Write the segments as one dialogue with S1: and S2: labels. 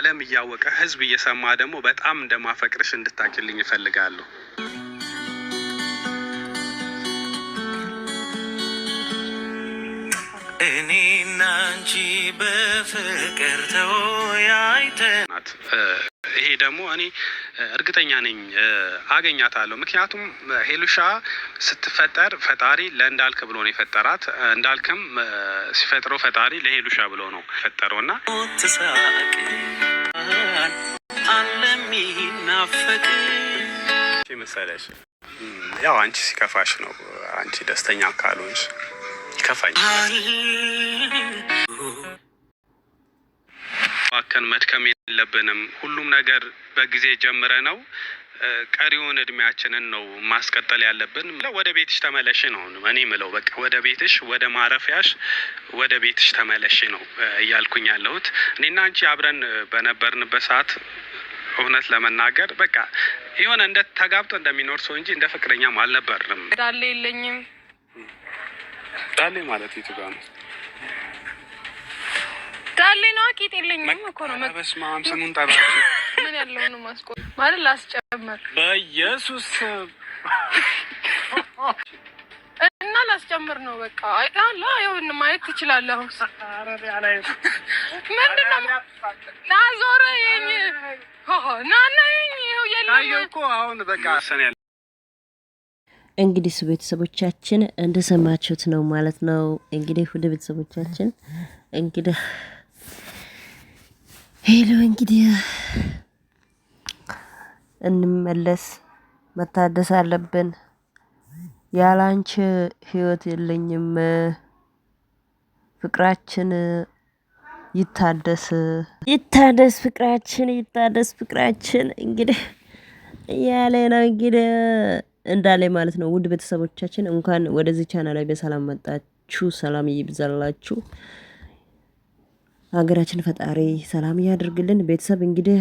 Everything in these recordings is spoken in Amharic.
S1: ዓለም እያወቀ ህዝብ እየሰማ ደግሞ በጣም እንደማፈቅርሽ እንድታክልኝ እፈልጋለሁ። እኔና አንቺ በፍቅር ተወያይተናት። ይሄ ደግሞ እኔ እርግጠኛ ነኝ አገኛታለሁ። ምክንያቱም ሄሉሻ ስትፈጠር ፈጣሪ ለእንዳልክ ብሎ ነው የፈጠራት። እንዳልክም ሲፈጥረው ፈጣሪ ለሄሉሻ ብሎ ነው የፈጠረው እና መሰለሽ ያው አንቺ ሲከፋሽ ነው አንቺ ደስተኛ ካልሆንሽ ይከፋኝ ማባከን መድከም የለብንም። ሁሉም ነገር በጊዜ ጀምረ ነው ቀሪውን እድሜያችንን ነው ማስቀጠል ያለብን። ወደ ቤትሽ ተመለሽ ነው እኔ ምለው። በቃ ወደ ቤትሽ፣ ወደ ማረፊያሽ፣ ወደ ቤትሽ ተመለሽ ነው እያልኩኝ ያለሁት። እኔና አንቺ አብረን በነበርንበት ሰዓት እውነት ለመናገር በቃ የሆነ እንደ ተጋብጦ እንደሚኖር ሰው እንጂ እንደ ፍቅረኛም አልነበርንም።
S2: ዳሌ የለኝም
S1: ዳሌ ማለት የቱ ነው?
S2: ዳሌ ነዋ ቂጥ የለኝም እኮ ነው።
S1: በስመ አብ ስሙን
S2: ምን ያለው ነው ማስቆ ማለት ላስጨምር
S1: በኢየሱስ
S2: እና ላስጨምር ነው በቃ አይታላ ይሁን ማየት ትችላለህ። ምንድነው ናዞረ ናና
S1: እኮ አሁን በቃ ሰን ያለ
S3: እንግዲህ ቤተሰቦቻችን እንደሰማችሁት ነው ማለት ነው። እንግዲህ ወደ ቤተሰቦቻችን እንግዲህ ሄሎ እንግዲህ እንመለስ፣ መታደስ አለብን። ያላንቺ ህይወት የለኝም፣ ፍቅራችን ይታደስ ይታደስ፣ ፍቅራችን ይታደስ፣ ፍቅራችን እንግዲህ እያለ ነው እንግዲህ እንዳለ ማለት ነው። ውድ ቤተሰቦቻችን እንኳን ወደዚህ ቻናል ላይ በሰላም መጣችሁ። ሰላም ይብዛላችሁ። ሀገራችን ፈጣሪ ሰላም ያድርግልን። ቤተሰብ እንግዲህ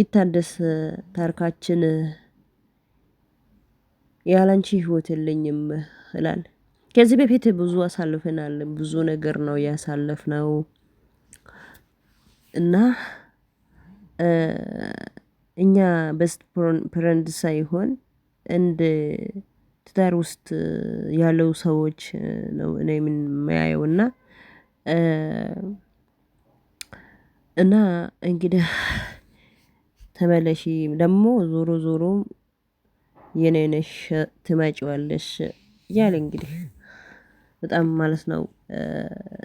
S3: ይታደስ ታሪካችን፣ ያላንቺ ህይወት የለኝም እላል። ከዚህ በፊት ብዙ አሳልፈናል። ብዙ ነገር ነው ያሳለፍነው እና እኛ በስት ፕረንድ ሳይሆን እንደ ትዳር ውስጥ ያለው ሰዎች ነው እኔ ምን ማያየውና እና እንግዲህ ተመለሺ ደግሞ ዞሮ ዞሮ የኔ ነሽ ትመጪዋለሽ እያለ እንግዲህ በጣም ማለት ነው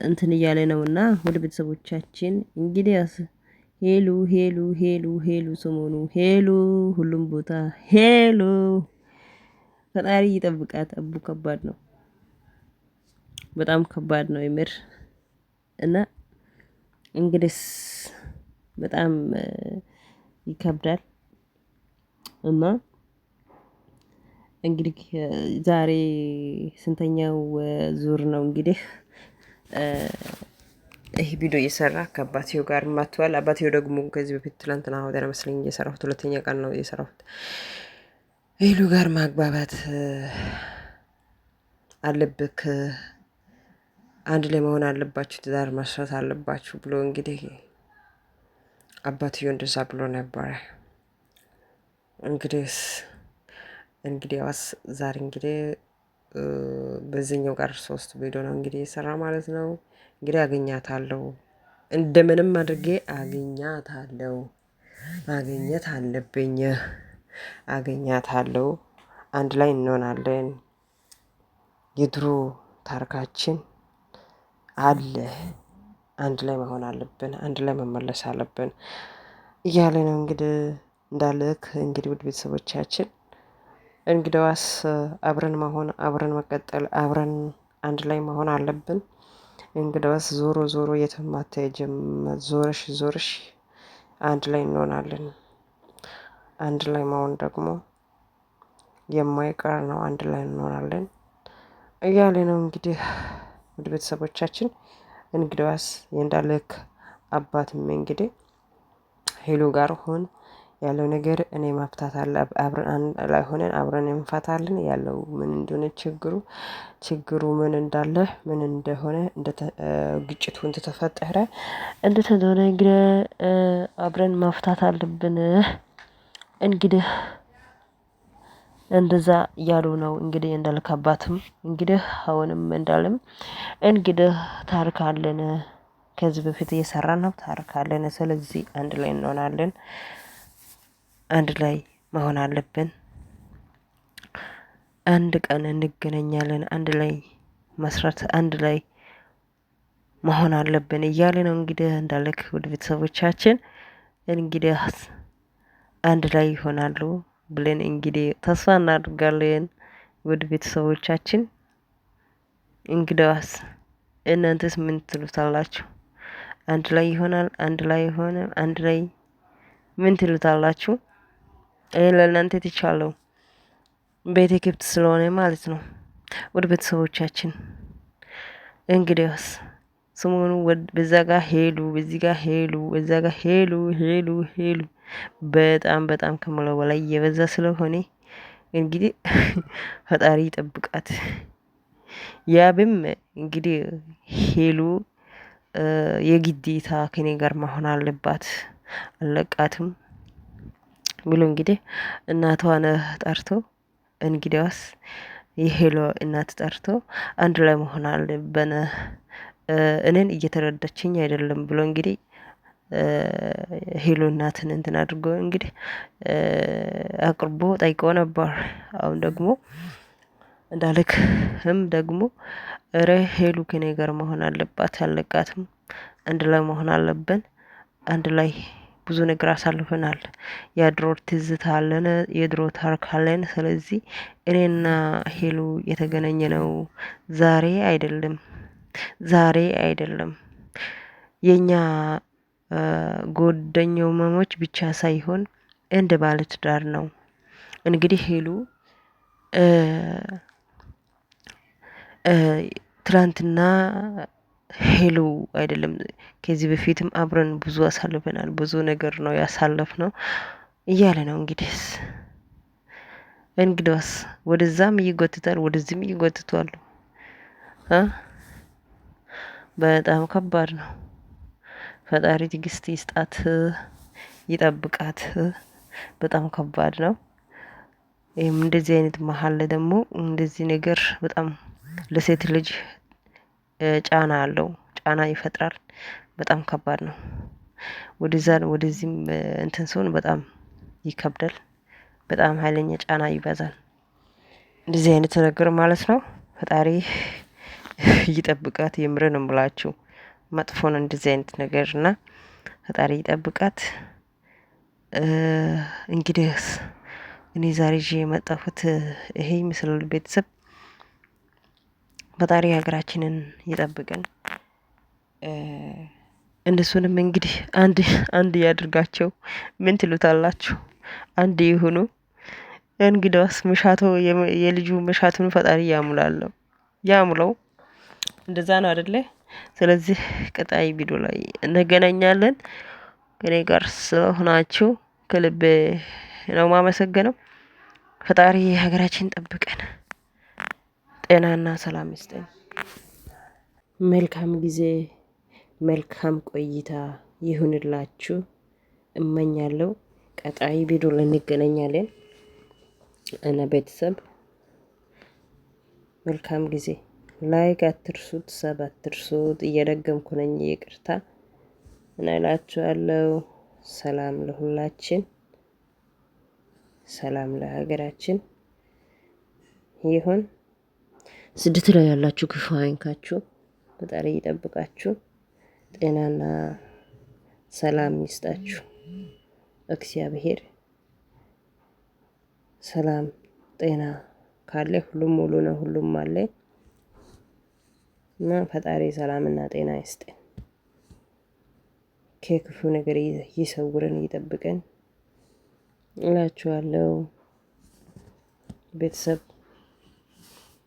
S3: እንትን እያለ ነውና ወደ ቤተሰቦቻችን እንግዲህ ሄሉ ሄሉ ሄሉ ሄሉ ሰሞኑ ሄሉ ሁሉም ቦታ ሄሉ ፈጣሪ ይጠብቃት። አቡ ከባድ ነው፣ በጣም ከባድ ነው የምር። እና እንግዲህስ በጣም ይከብዳል። እና እንግዲህ ዛሬ ስንተኛው ዙር ነው እንግዲህ ይህ ቪዲዮ እየሰራ ከአባቴው ጋር ማትዋል። አባቴው ደግሞ ከዚህ በፊት ትላንትና ወደ መስለኝ እየሰራሁት ሁለተኛ ቀን ነው እየሰራሁት ሄሉ ጋር ማግባባት አለብክ አንድ ላይ መሆን አለባችሁ፣ ትዳር መስራት አለባችሁ ብሎ እንግዲህ አባትዮ እንደዛ ብሎ ነበረ። እንግዲህ እንግዲያውስ ዛሬ እንግዲህ በዚህኛው ጋር ሶስት ቪዲዮ ነው እንግዲህ የሰራ ማለት ነው። እንግዲህ አገኛታለሁ፣ እንደምንም አድርጌ አገኛታለሁ፣ ማግኘት አለብኝ፣ አገኛታለሁ፣ አንድ ላይ እንሆናለን የድሮ ታሪካችን አለ። አንድ ላይ መሆን አለብን፣ አንድ ላይ መመለስ አለብን እያለ ነው እንግዲህ እንዳልክ እንግዲህ ውድ ቤተሰቦቻችን እንግዲዋስ አብረን መሆን አብረን መቀጠል አብረን አንድ ላይ መሆን አለብን። እንግዲዋስ ዞሮ ዞሮ የተማታ የጀመ ዞረሽ ዞርሽ አንድ ላይ እንሆናለን። አንድ ላይ መሆን ደግሞ የማይቀር ነው። አንድ ላይ እንሆናለን እያለ ነው እንግዲህ ውድ ቤተሰቦቻችን እንግዲዋስ የእንዳልክ አባትም እንግዲህ ሄሎ ጋር ሆን ያለው ነገር እኔ ማፍታት አለ አብረን ላይ ሆነን አብረን እንፈታለን ያለው ምን እንደሆነ ችግሩ ችግሩ ምን እንዳለ ምን እንደሆነ ግጭቱ እንደተፈጠረ እንደተሆነ አብረን ማፍታት አለብን እንግዲህ እንደዛ እያሉ ነው እንግዲህ እንዳልክ አባትም እንግዲህ አሁንም እንዳልም እንግዲህ ታሪክ አለን ከዚህ በፊት እየሰራ ነው ታሪክ አለን። ስለዚህ አንድ ላይ እንሆናለን፣ አንድ ላይ መሆን አለብን። አንድ ቀን እንገናኛለን፣ አንድ ላይ መስራት፣ አንድ ላይ መሆን አለብን እያለ ነው እንግዲህ እንዳለክ ውድ ቤተሰቦቻችን እንግዲህ አንድ ላይ ይሆናሉ። ብለን እንግዲህ ተስፋ እናድርጋለን። ወድ ቤተሰቦቻችን እንግዳዋስ እናንተስ ምን ትሉታላችሁ? አንድ ላይ ይሆናል፣ አንድ ላይ ሆነ፣ አንድ ላይ ምን ትሉታላችሁ? ይህ ለእናንተ የተቻለው ቤተ ክብት ስለሆነ ማለት ነው። ወድ ቤተሰቦቻችን እንግዲያስ ሰሞኑ በዛ ጋር ሄሉ፣ በዚህ ጋር ሄሉ፣ በዛ ጋር ሄሉ ሄሉ ሄሉ በጣም በጣም ከምለው በላይ እየበዛ ስለሆነ እንግዲህ ፈጣሪ ይጠብቃት። ያብም እንግዲህ ሄሉ የግዴታ ከኔ ጋር መሆን አለባት አለቃትም ብሎ እንግዲህ እናቷን ጠርቶ እንግዲያውስ የሄሎ እናት ጠርቶ አንድ ላይ መሆን አለብን እኔን እየተረዳችኝ አይደለም ብሎ እንግዲህ ሄሎ እናትን እንትን አድርጎ እንግዲህ አቅርቦ ጠይቆ ነበር። አሁን ደግሞ እንዳልክህም ደግሞ እረ ሄሉ ከኔ ጋር መሆን አለባት ያለቃትም አንድ ላይ መሆን አለብን። አንድ ላይ ብዙ ነገር አሳልፈናል። የድሮ ትዝታ አለን የድሮ ታሪክ አለን። ስለዚህ እኔና ሄሉ የተገናኘ ነው ዛሬ አይደለም ዛሬ አይደለም። የኛ መሞች ብቻ ሳይሆን እንደ ባለትዳር ነው። እንግዲህ ሄሉ ትላንትና ሄሉ አይደለም ከዚህ በፊትም አብረን ብዙ አሳልፈናል፣ ብዙ ነገር ነው ያሳለፍ ነው እያለ ነው። እንግዲህስ እንግዲዋስ ወደዛም ይጎትታል፣ ወደዚህም ይጎትቷሉ። በጣም ከባድ ነው። ፈጣሪ ትግስት ይስጣት፣ ይጠብቃት። በጣም ከባድ ነው። ይህም እንደዚህ አይነት መሀል ላይ ደግሞ እንደዚህ ነገር በጣም ለሴት ልጅ ጫና አለው፣ ጫና ይፈጥራል። በጣም ከባድ ነው። ወደዛ ወደዚህም እንትን ሲሆን በጣም ይከብዳል። በጣም ኃይለኛ ጫና ይበዛል። እንደዚህ አይነት ነገር ማለት ነው። ፈጣሪ ይጠብቃት። የምር ነው የምላችሁ። መጥፎ ነው እንደዚህ አይነት ነገር እና ፈጣሪ ይጠብቃት። እንግዲህ እኔ ዛሬ ይዤ የመጣሁት ይሄ ይመስላል። ቤተሰብ ፈጣሪ ሀገራችንን ይጠብቅን። እነሱንም እንግዲህ አንድ አንድ ያድርጋቸው። ምን ትሉታላችሁ? አንድ ይሁኑ። እንግዲያስ መሻቶ የልጁ መሻቱን ፈጣሪ ያሙላለው ያሙለው። እንደዛ ነው አደለ? ስለዚህ ቀጣይ ቪዲዮ ላይ እንገናኛለን። ከኔ ጋር ስለሆናችሁ ከልብ ነው ማመሰገነው። ፈጣሪ ሀገራችን ጠብቀን ጤናና ሰላም ይስጠን። መልካም ጊዜ፣ መልካም ቆይታ ይሁንላችሁ እመኛለሁ። ቀጣይ ቪዲዮ ላይ እንገናኛለን እና ቤተሰብ መልካም ጊዜ ላይክ አትርሱት፣ ሰብ አትርሱት። እየደገምኩ ነኝ፣ ይቅርታ እናላችኋለሁ። ሰላም ለሁላችን፣ ሰላም ለሀገራችን ይሁን። ስደት ላይ ያላችሁ ክፉ አይንካችሁ፣ ፈጣሪ ይጠብቃችሁ፣ ጤናና ሰላም ይስጣችሁ። እግዚአብሔር ሰላም ጤና ካለ ሁሉም ሙሉ ነው፣ ሁሉም አለ። እና ፈጣሪ ሰላምና ጤና ይስጠን፣ ከክፉ ነገር ይሰውረን፣ ይጠብቀን እላችኋለሁ። ቤተሰብ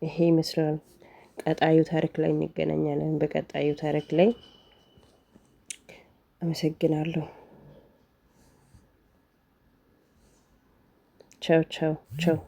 S3: ይሄ ይመስላል። ቀጣዩ ታሪክ ላይ እንገናኛለን። በቀጣዩ ታሪክ ላይ አመሰግናለሁ። ቻው ቻው ቻው።